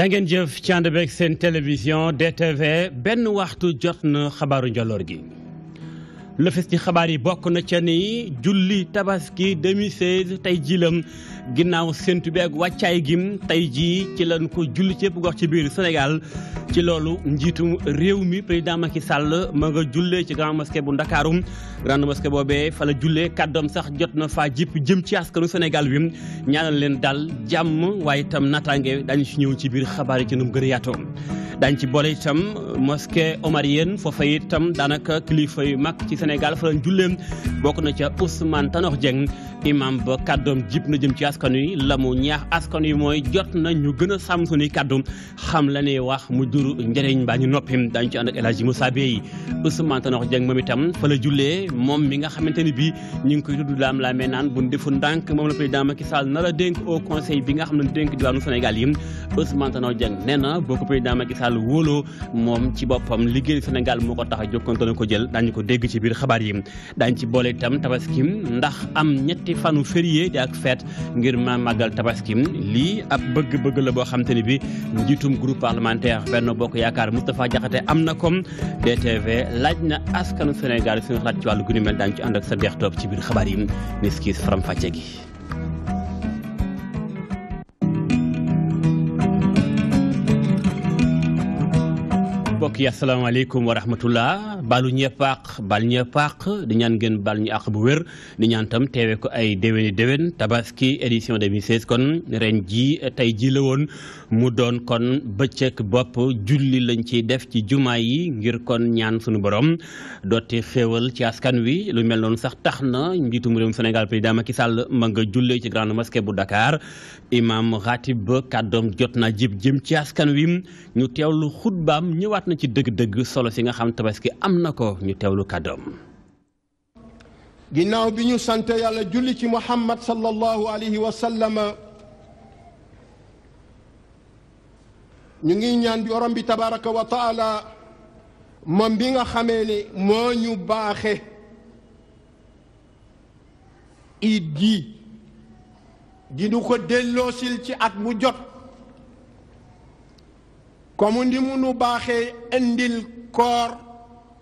jàngeen jëf ci ànd beeg seen télévision DTV benn waxtu jot na xabaaru njoloor gi le fes ci xabaar yi bokk na ca ni julli tabaski 2016 tey ji lam ginnaaw séntu bi ak wàccaay gim tey jii ci lañ ko julli cépp gox ci biir Sénégal ci loolu njiitum réew mi président Macky Sall ma nga jullee ci grande mosquée bu Ndakaarum grande mosquée boobee fa la jullee kàddoom sax jot na faa jip jëm ci askanu Sénégal wi ñaanal leen daal jàmm waaye itam naataange daañu si ñëw ci biir xabaar yi ci nu mu gën a yaatoo daañ ci boole itam mosquée omarienne foofa itam daanaka kilifa yu mag ci Sénégal fa lañ julleem bokk na ca Ousmane Tanor Dieng imam ba kàddoom jib na jëm ci askan wi la mu ñaax askan wi mooy jot na ñu gën a sàmm suñuy kàddu xam la ne wax mu juru njëriñ mbaa ñu noppim daañu ci ànd ak El Hadji Moussa Bey Ousmane Tanor Dieng moom itam fa la jullee moom mi nga xamante ni bi ñu ngi koy tudd laam laamee naan bu defu ndànk moom la président Macky Sall nar a dénk au conseil nga xam ne dénk diwaanu Sénégal yi Sénégal wóoloo moom ci boppam liggéeyu Sénégal moo ko tax a jokkoonte ko jël daañu ko dégg ci biir xabaar yi daañu ci boole itam tabaskim ndax am ñetti fanu férié di ak feet ngir ma màggal tabaskim lii ab bëgg-bëgg la boo xam te ni bi njiitum groupe parlementaire Benno Bokk Yaakaar Moustapha jaxate am na kom DTV laaj na askanu Sénégal suñu xalaat ci wàllu gu ni mel daañu ci ànd sa deex toog ci biir xabaar yi niskis faram fàcce gi mbokki assalamu alaykum wa rahmatullah balu ñëpp bal ñëpp di ñaan gën bal ñu ak bu wër di ñaan tam téwé ko ay déwéni déwén tabaski édition 2016 kon ren ji tay ji la won mu doon kon beccëk bop julli lañ ci def ci juma yi ngir kon ñaan suñu borom doti xéewal ci askan wi lu mel non sax taxna njitu njiitum Sénégal président Macky Sall ma nga jullee ci grande mosquée bu Dakar imam ratib kaddom jotna jib jëm ci askan wi ñu teewlu xutbaam ñëwaat na ci dëgg-dëgg solo si nga xam tabaski am na ko ñu teewlu kàddoom ginnaaw bi ñu sant yàlla julli ci muhammad sallallahu alayhi wa ñu ngi ñaan borom bi tabaraka wa taala moom bi nga xamee ne moo ñu baaxe iid gi di nu ko delloosil ci at bu jot comme ndi munu baxé andil indil koor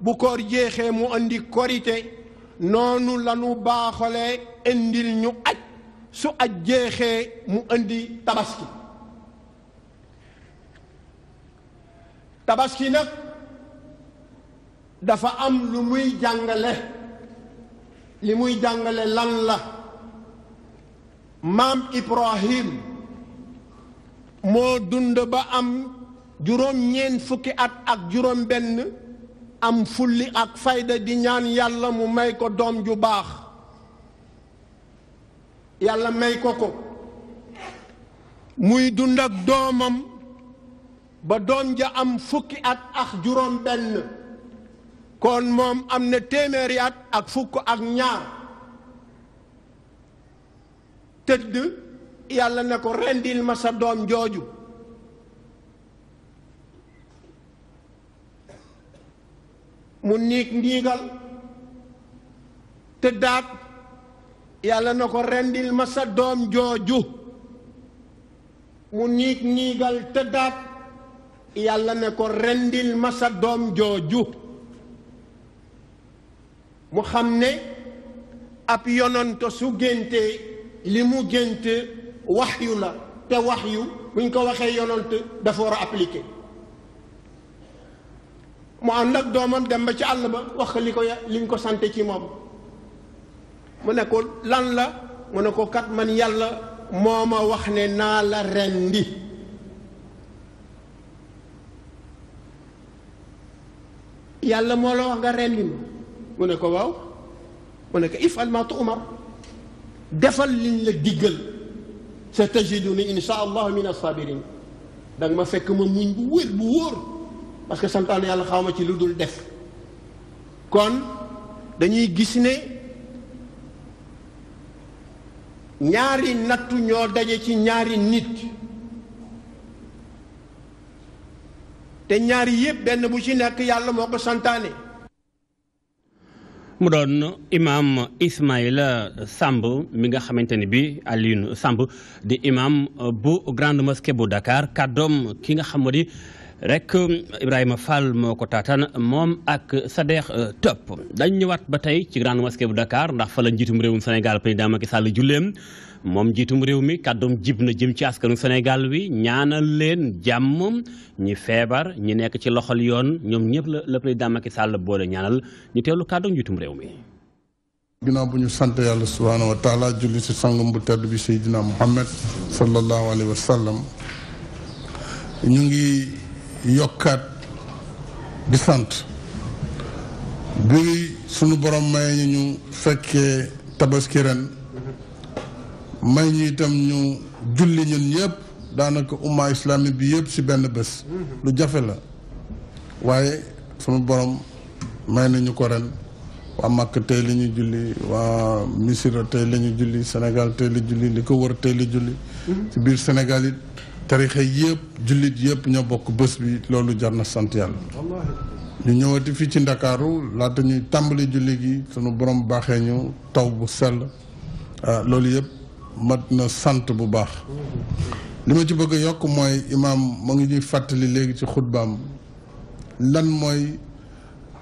bu koor jexé mu andi korite nonu lanu baxolé andil ñu aj su aj jexé mu andi tabaski tabaski nak dafa am lu muy jàngale li muy jàngale lan la mam Ibrahim mo dund ba am juróom-ñeent fukki at ak juróom-benn am fulli ak fayda di ñaan yàlla mu may ko doom ju baax yàlla may ko ko muy dund ak doomam ba doom ja am fukki at ak juróom-benn kon moom am na téeméeri at ak fukk ak ñaar tëdd yàlla na ko rendil ma sa doom jooju. mu niig ndiigal te yàlla na ko rendil ma sa doom jooju mu niig niigal te yàlla ne ko rendil ma sa doom jooju mu xam ne ab yonanto su génte li mu gént waxyu la te waxyu buñ ko waxee yonant dafa war a appliqué mu ànd ak doomam dem ba ci àll ba wax li ko liñ ko sante ci moom mu ne ko lan la mu ne ko kat man yàlla moo ma wax ne naa la rendi yàlla moo la wax nga rendi ma mu ne ko waaw mu ne ko ifal ma tu'mar defal liñ la diggal sa tajiduni insha allahu min as danga ma fekk ma muñ bu wér bu wóor parce que santaan yàlla xawma ci lu dul def kon dañuy gis ne ñaari nattu ñoo daje ci ñaari nit te ñaari yëpp benn bu ci nekk yàlla moo ko santaane mu doon imaam Ismaïla Samb mi nga xamante ni bii Alioune Samb di imaam bu grande mosquée bu Dakar kàddoom ki nga xam di rek um, Ibrahima Fall moo ko taataan moom ak Sadex uh, Top dañ ñëwaat ba tey ci grande mosquée bu Dakar ndax fa njiitum réewum Sénégal président Macky Sall julleem moom njiitum réew mi kàddum jib na jëm ci askanu Sénégal wi ñaanal leen jàmm ñi feebar ñi nekk ci loxol yoon ñoom ñëpp la la président Macky Sall boole ñaanal ñu teelu kàddu njiitum réew mi. bu sant yàlla subhaanahu wa taala julli si sangam bu tedd Seydina Muhammad sallallahu alayhi wa ñu ngi. yokkaat di sant bi sunu borom may ñu fekkee tabaski ren may ñu itam ñu julli ñun ñëpp daanaka umma islamique bi yëpp ci benn bés lu jafe la waaye sunu boroom may nañu ko ren waa Màkk tey la ñu julli waa Misira tey la julli Sénégal tey la julli li ko wër tey la julli mm-hmm. ci biir Sénégal tarixa yëpp jullit yëpp ñoo bokk bés bi loolu jar na sant yàlla ñu ñëwati fii ci ndakaaru laata ñuy tàmbali julli gi sunu borom baaxee ñu taw bu sell ah, loolu yëpp mat na sant bu baax li ma ci bëgg a yokk mooy imaam mu ngi ñuy fàttali léegi ci xutbaam lan mooy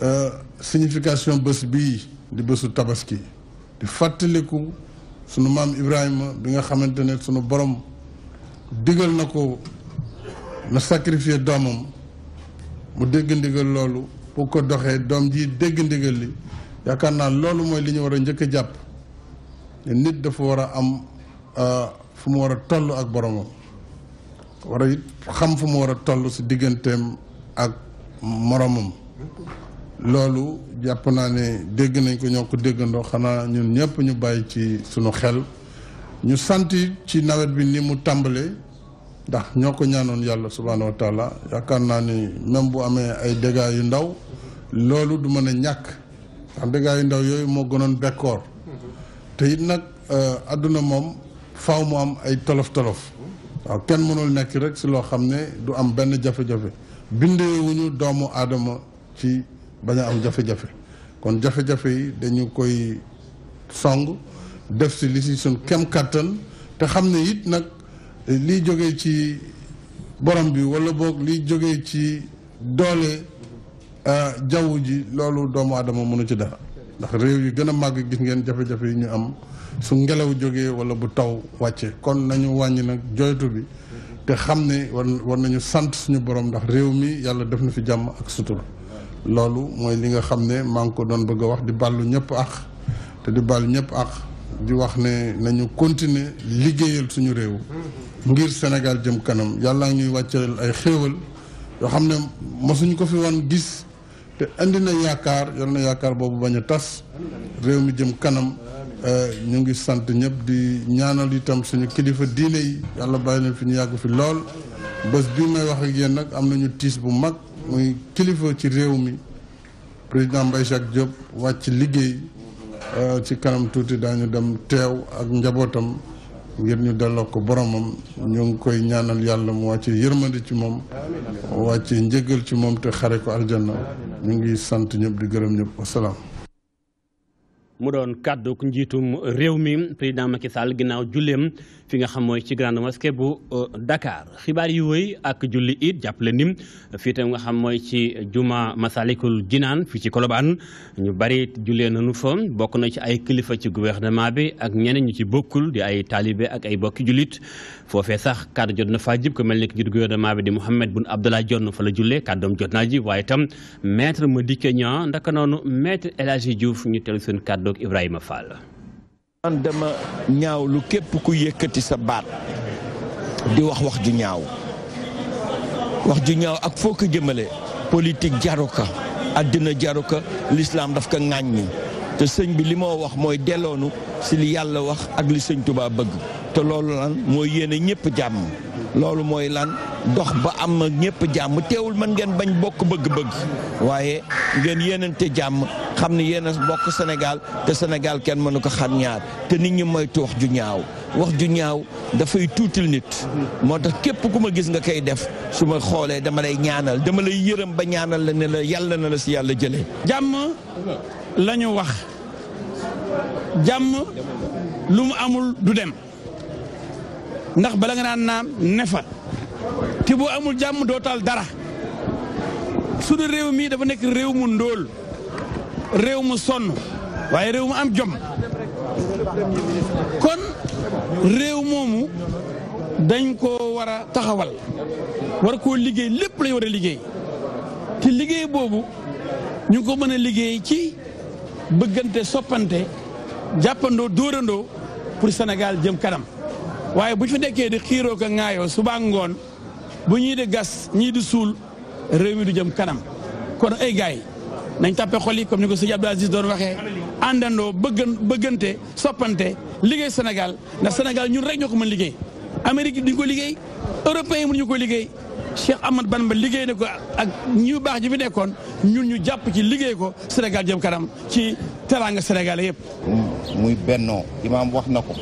ah, signification bés bii di bésu tabaski di fàttaliku sunu maam Ibrahima bi nga xamante ne sunu boroom digal na ko na sacrifier doomam mu dégg ndigal loolu pour ko doxee doom ji dégg ndigal li yaakaar naa loolu mooy li ñu war a njëkk a jàpp ne nit dafa war a am euh, fu mu war a toll ak boromam war a it xam fu mu war a tollu si digganteem ak moromam loolu jàpp naa ne dégg nañ ko ñoo ko déggandoo xanaa ñun ñëpp ñu bàyyi ci sunu xel ñu sant ci nawet bi ni mu tàmbalee ndax ñoo ko ñaanoon yàlla subhaanahu wa taala yaakaar naa ni même bu amee ay dégâts yu ndaw loolu du mën a ñàkk ndax dégâts yu ndaw yooyu moo gënoon bekkoor te it nag euh, àdduna moom faaw mu am ay tolof tolof waaw kenn mënul nekk rek si loo xam ne du am benn jafe-jafe bindeewuñu doomu aadama ci bañ a am jafe-jafe kon jafe-jafe yi dañu koy song def ci li ci sun kem katan te xamne ne it nag liy ci borom bi wala bok li joge ci euh jawu ji lolu doomu adama mënu ci dara ndax rew yu gëna mag gis ngeen jafé jafé ñu am su ngelaw joge wala bu taw wacce kon nañu wàññi nak joytu bi te xamne war nañu sante suñu borom ndax rew mi yalla def na fi jamm ak sutura lolu moy li nga xamne ne ngi ko doon bëgg wax di ballu ñepp ak te di ballu ñepp ak di wax ne nañu continuer liggéeyal suñu réew ngir Sénégal jëm kanam yàlla ñuy wàccal ay xéewal yoo xam ne mosuñu ko fi wan gis te indi na yaakaar yal na yaakaar boobu bañ tas réew mi jëm kanam eh, ñu ngi sant ñëpp di ñaanal itam suñu kilifa diine yi yàlla bàyyi leen fi ñu yàgg fi lool bés bii may wax ak yéen nag am nañu tiis bu mag muy kilifa ci réew mi président Mbaye Jacques Diop wàcc liggéey Euh, ci kanam tuuti daañu dem teew ak njabootam ngir ñu delloo ko boroomam ñu ngi koy ñaanal yàlla mu wàcce yërmande ci moom wàcce njëgal ci moom te xare ko aljanna ñu ngi sant ñëpp di gërëm ñëpp wasalaam mu doon kàdduk njiitum réew mi président Macky Sall ginnaaw julleem fi nga xam mooy ci grande mosquée bu euh, Dakar xibaar yi wéy ak julli it jàppale nim fii tam nga xam mooy ci juma Masalikul Jinaan fii ci kolobaan ñu bari jullee nañu fa bokk na ci ay kilifa ci gouvernement bi ak ñeneen ñu ci bokkul di ay taalibe ak ay bokki jullit foofee sax kaddu jot na faa jib ko mel ni ki jiit gouvernement bi di Mouhamed Boun Abdallah Dionne fa la jullee kàddoom jot naa ji waaye itam ma Madické Niang ndaka noonu maître El Hadji Diouf ñu teelu seen kàddoog Ibrahima Fall man dama ñaaw lu képp ku yëkkati sa baat di wax wax ju ñaaw wax ju ñaaw ak foo ko jëmale politik jaru ka àddina jaruka lislaam daf ko ŋàññi te sëñ bi li moo wax mooy delloonu ci li yàlla wax ak li sëñ Tuubaa bëgg te loolu lan mooy yéene ñëpp jàmm loolu mooy lan dox ba am ñëpp jàmm teewul man ngeen bañ bokk bëgg-bëgg waaye ngeen yéenante jàmm xam ne yéen a bokk Sénégal te Sénégal kenn mënu ko xam ñaar te nit ñi moytu wax ju ñaaw wax ju ñaaw dafay tuutil nit moo tax képp ku ma gis nga koy def su ma xoolee dama lay ñaanal dama lay yërëm ba ñaanal la ne la yàlla na la si yàlla jëlee jàmm lañu wax jàmm lu mu amul du dem ndax bala nga naan naam ne fa te amul jàmm dootal dara sunu réew mii dafa nekk réew mu ndóol réew mu sonn waaye réew mu am jom kon réew moomu dañ ko war a taxawal war koo liggéey lépp lañ war liggéey te liggéey boobu ñu ko mën a liggéey ci bëggante soppante jàppandoo dóorandoo pour Sénégal jëm kanam waaye bu fi nekkee di xiiroo ko ŋaayoo suba ngoon bu ñii di gas ñii di suul réew mi du jëm kanam kon ay gars yi nañ tàppe xol yi comme ni ko si sëñ Abdou Aziz doon waxee àndandoo bëggan bëggante soppante liggéey senegal ndax Sénégal ñun rek ñoo ko liggéey Amérique duñ ko liggéey européens yi mënuñu ko liggéey aman ban ba liggéey na ko ak ñu baax ji fi nekkoon ñun ñu jàpp ci liggéey ko Sénégal jëm kanam ci teraanga senegal yëpp. muy bennoo imaam wax na ko.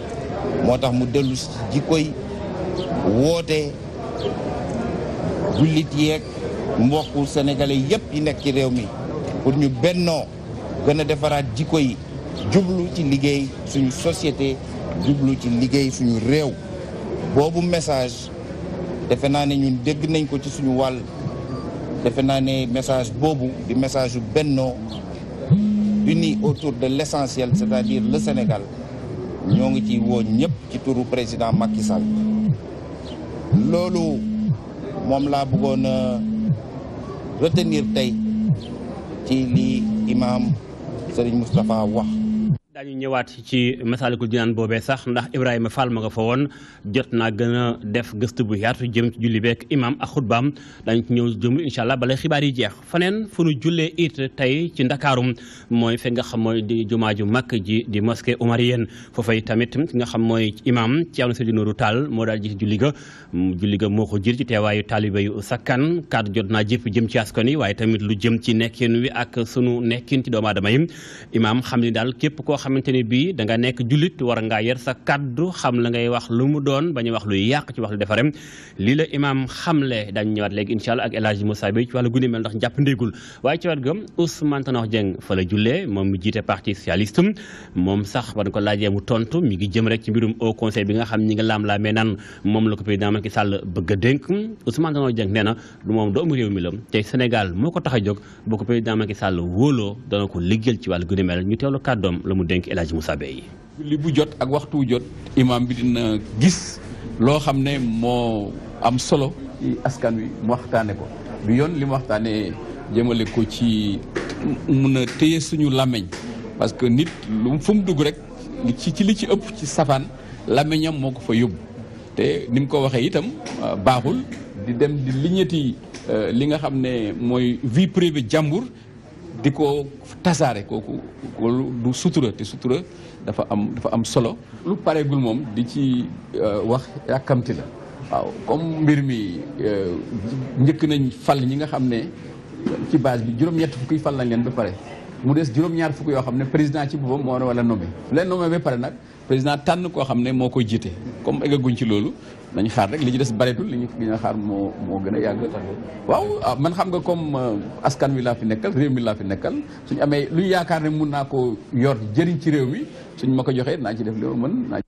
Nous mu delu mbokku sénégalais yépp yi nekk réew mi pour ñu benno gëna défarat jikoy ci société ci liggéey suñu réew message le dégg nañ ko ci suñu message di message uni autour de l'essentiel c'est-à-dire le Sénégal ñoo ngi ci woo ñëpp ci turu président Macky Sall loolu moom laa bëggoon a euh, retenir tey ci li imam Serigne Moustapha wax daañu ñëwaat ci Masaalikul Jinaan boobee sax ndax Ibrahima Fall ma nga fa woon jot naa gën a def gëstu bu yaatu jëm ci julli beek imaam ak xutbaam daañu ci ñëw jëm incha allah balay xibaar yi jeex faneen fu nu jullee it tey ci ndakaarum mooy fi nga xam mooy di jumaa ju mag ji di yen Omarienne foofay tamit ki nga xam mooy imaam Thierno Seydou Nourou Tall moo daal jiite julli ga moo ko jir ci teewaayu taalibe yu sakkan kaddu jot naa jëpp jëm ci askan yi waaye tamit lu jëm ci nekkin wi ak sunu nekkin ci doomu yi xamante bi bi da nga nek julit war nga yer sa kaddu xam la ngay wax lu mu doon bañu wax lu yàq ci wax lu defarem li la imam xamle dañu ñëwaat léegi incha allah ak El musa bi ci wala gune mel ndax japp ndegul way ci wat gam Ousmane Tanor jeng fa la jullee mom mi jité parti socialiste mom sax ban ko laajee mu tontu mi ngi jëm rek ci mbirum au conseil bi nga xam ñi nga la mais nan mom la ko président Macky Sall bëgg denk Ousmane du do mu réew mi lam Sénégal moko taxaj jog bu ko président Macky Sall da na ko ci wala gune mel ñu lamu dénk El Hadj Moussa Bey li bu jot ak waxtu wu jot imaam bi dina gis loo xam ne moo am solo askan wi mu ko yoon li mu jëmale ko ci mun a suñu làmmiñ parce que nit lu fu mu dugg rek ci ci li ci ëpp ci safaan làmmiñam moo ko fa yóbbu te ni mu ko waxee itam baaxul di dem di liñati euh, li nga xam ne mooy vie privée jàmbur di ko tasaare kooku loolu du sutura te sutura dafa am dafa am solo lu pare pareegul moom di ci euh, wax yàkkamti la waaw comme mbir mi euh, njëkk nañ fal ñi nga xam ne ci base bi juróom-ñett fukki fal nañ leen ba pare mu des juróom-ñaar fukk yoo xam ne président ci boppam moo war a nommé leen nommé ba pare nag président tànn koo xam ne moo koy jiite comme eggaguñ ci loolu nañ xaar rek li ñu des bareetul li ñu li ñu xaar moo moo gën a yàgg. waaw ah, man xam nga comme euh, askan wi laa fi nekkal réew mi laa fi nekkal suñu amee lu yaakaar ne mun naa ko yor jëriñ ci réew mi suñ ma ko joxee naa ci def li ma mën naa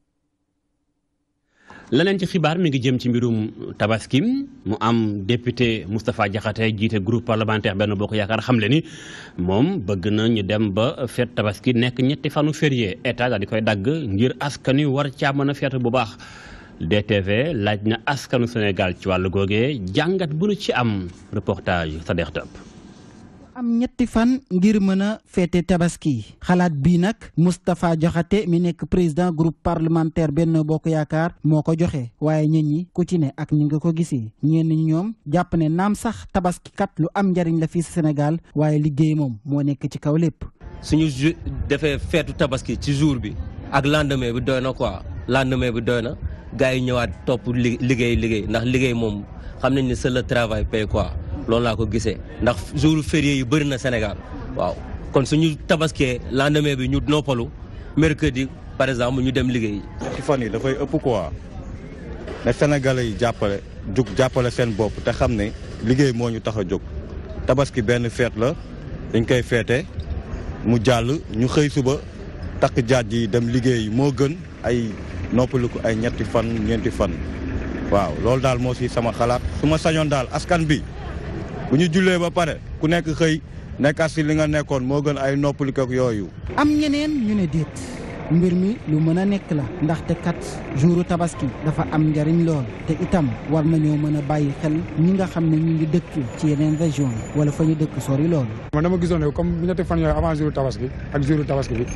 leneen ci xibaar mi ngi jëm ci mbirum tabaski mu am député Moustapha Diakhaté jiite groupe parlementaire benn bokk yaakaar xam le ni moom bëgg na ñu dem ba feet tabaski nekk ñetti fanu férié état daal di koy dagg ngir askani war caa mën a feet bu baax DTV laaj na askanu Sénégal ci wàllu googee jàngat bu nu ci am reportage sa dex am ñetti fan ngir mën a féete tabaski xalaat bii nag Moustapha joxate mi nekk président groupe parlementaire benn Bokk Yaakaar moo ko joxe waaye ñit ñi ku ci ne ak ñi nga ko gisee ñenn ñi ñoom jàpp ne naam sax tabaski kat lu am njariñ la fii si Sénégal waaye liggéey moom moo nekk ci kaw lépp. suñu ju defee feetu tabaski ci jour bi ak lendemain bi doy na quoi lendemain bi doy na gars yi ñëwaat topp liggéey liggéey ndax liggéey moom xam nañ ne c'est le travail paye quoi. loolu laa ko gisee ndax jour férié yi bëri na Sénégal waaw kon suñu tabaskee lendemain bi ñu noppalu mercredi par exemple ñu dem liggéey. ci fan yi dafay ëpp quoi ne Sénégalais yi jàppale jug jàppale seen bopp te xam ne liggéey moo ñu tax a jóg tabaski benn feet la dañ koy feete mu jàll ñu xëy suba takk jaaj yi dem liggéey moo gën ay noppaliku ay ñetti fan ñeenti fan waaw loolu daal moo si sama xalaat su ma sañoon daal askan bi. bu ñu jullee ba pare ku nekk xëy nekkaat si li nga nekkoon moo gën ay noppali yooyu. am ñeneen ñu ne déet mbir mi lu mën a nekk la ndaxte kat jouru tabaski dafa am njariñ lool te itam war nañoo mën a bàyyi xel ñi nga xam ne ñu ngi dëkk ci yeneen région wala fa ñu dëkk sori lool. man dama gisoon ne comme ñetti fan yooyu avant jouru tabaski ak jouru tabaski bi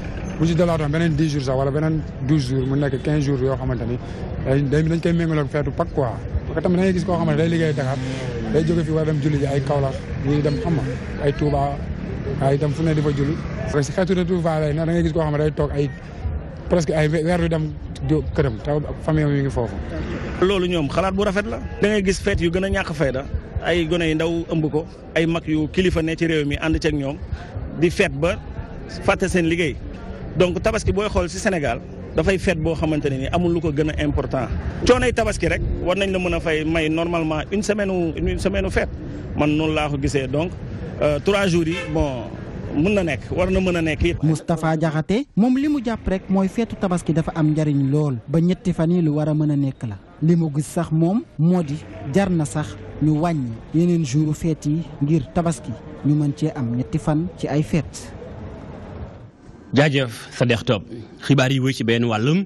mu nekk 15 jours yoo xamante day dañ koy méngaloog feetu pak quoi parce que day jóge fi war dem julli ji ay Kaolack ñuy dem xam ay Touba waaye dem fu ne di fa julli. parce que xeetu retrouvailles na da ngay gis koo xam ne day toog ay presque ay weer du dem këram taw famille mi ngi foofu. loolu ñoom xalaat bu rafet la. da gis fête yu gën a ñàkk fayda ay gone yu ndaw ëmb ko ay mag yu kilifa ne ci réew mi ànd ceeg ñoom di fête ba fàtte seen liggéey donc tabaski booy xool si Sénégal. dafay fête boo xamante ne ni amul lu ko gën a important coonay tabaski rek war nañ la mën a fay may normalement une semaine une semaine u fête man noonu laa ko gisee donc euh, trois jours yi bon mun na nekk war na mën a nekk it. Moustapha Diakhaté moom li mu jàpp rek mooy feetu tabaski dafa am njariñ lool ba ñetti fan yi lu war a mën a nekk la li mu gis sax moom moo di jar na sax ñu wàññi yeneen jouru feet yi ngir tabaski ñu mën cee am ñetti fan ci ay feet. jaajëf Sadekh Top xibaar yi wuy ci benn wàllum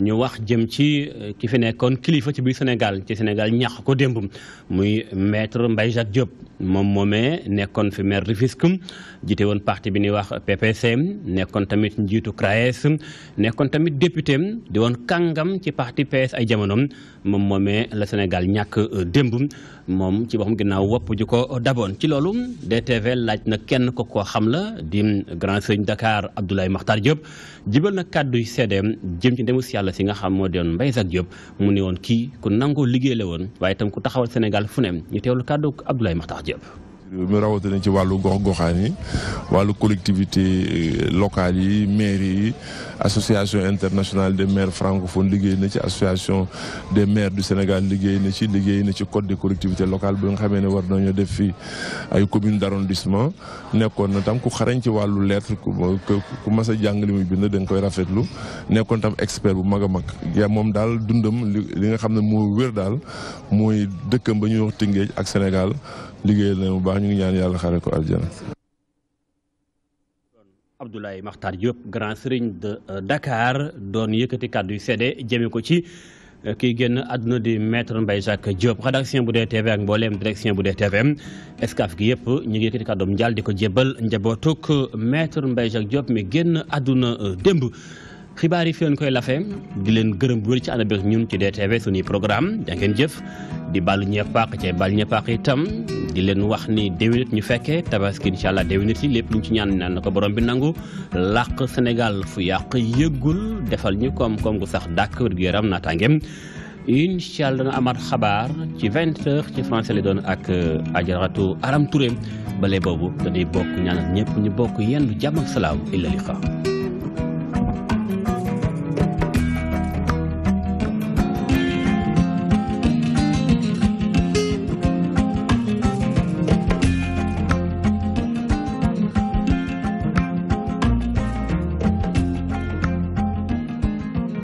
ñu wax jëm ci euh, ki fi nekkoon kilifa ci biir Sénégal ci Sénégal ñàkk ko démb muy maitre Mbaye Jacques Diop moom moomee nekkoon fi maire Rufisque jiite woon parti bi ñuy wax PPC nekkoon tamit njiitu CRAES nekkoon tamit député di woon kàngam ci parti PS ay jamonoom moom moomee la Sénégal ñàkk euh, démb moom ci boppam ginnaaw wopp ji ko daboon ci loolu DTV laaj na kenn ko koo xam la di grand sëñ Dakar Abdoulaye Makhtar Diop jibal na kàdduy seedeem jëm ci ndemus yàlla si nga xam moo doon Mbaye Jacques Diop mu ne woon kii ku nangoo liggéey la woon waaye itam ku taxawal Sénégal fu ne ñu teewlu kàddu Abdoulaye Makhtar Diop mu euh, rawatina ci walu gox goxani walu collectivité euh, locale yi mairie yi association internationale des maires francophones liggéey na ci association des maires du Sénégal liggéey na ci liggéey na ci code des collectivités locales bu nga xamee ne war nañoo def fi ay communes d'arrondissement nekkoon na tam ku xarañ ci walu lettre ku ku a jàng li muy bind dañ nga koy rafetlu nekkoon tam expert bu maga mag ya mom dal dundum li nga xam mo wër dal moy mooy dëkkam ba ñu wax Tëngéej ak Sénégal liggéeyal na bu baax ñu ngi ñaan yàlla xare ko aljana Abdoulaye Makhtar Diop grand serigne de euh, Dakar doon yëkkati kàddu yu sedde jëme ko ci euh, kii génn àdduna di maître Mbaye Jacques Diop rédaction bu dee TV ak mbooleem direction bu dee TVM escaf gi yëpp ñu ngi yëkkati kàddoom njaal di ko jébbal njabootuk euh, maître Mbaye Jacques Diop mi génn àdduna démb xibaar yi fi leen koy lafee di leen gërëm bu wér ci ànd bi ñun ci DTV suñuy programme da ngeen jëf di bal ñee paax ci baal ñee paax itam di leen wax ni déwénit ñu fekkee tabaski incha allah déwénit yi lépp luñ ci ñaan naan ko borom bi nangu làq Sénégal fu yàq yëggul defal ñu koom-koom gu sax dàkk wér gu yaram naataangeem incha allah dana amaat xabaar ci 20 heures ci français li doon ak euh, ajaratu Aram Touré bale boobu dañuy bokk ñaanal ñëpp ñu bokk yenn jàmm ak salaam illa liqa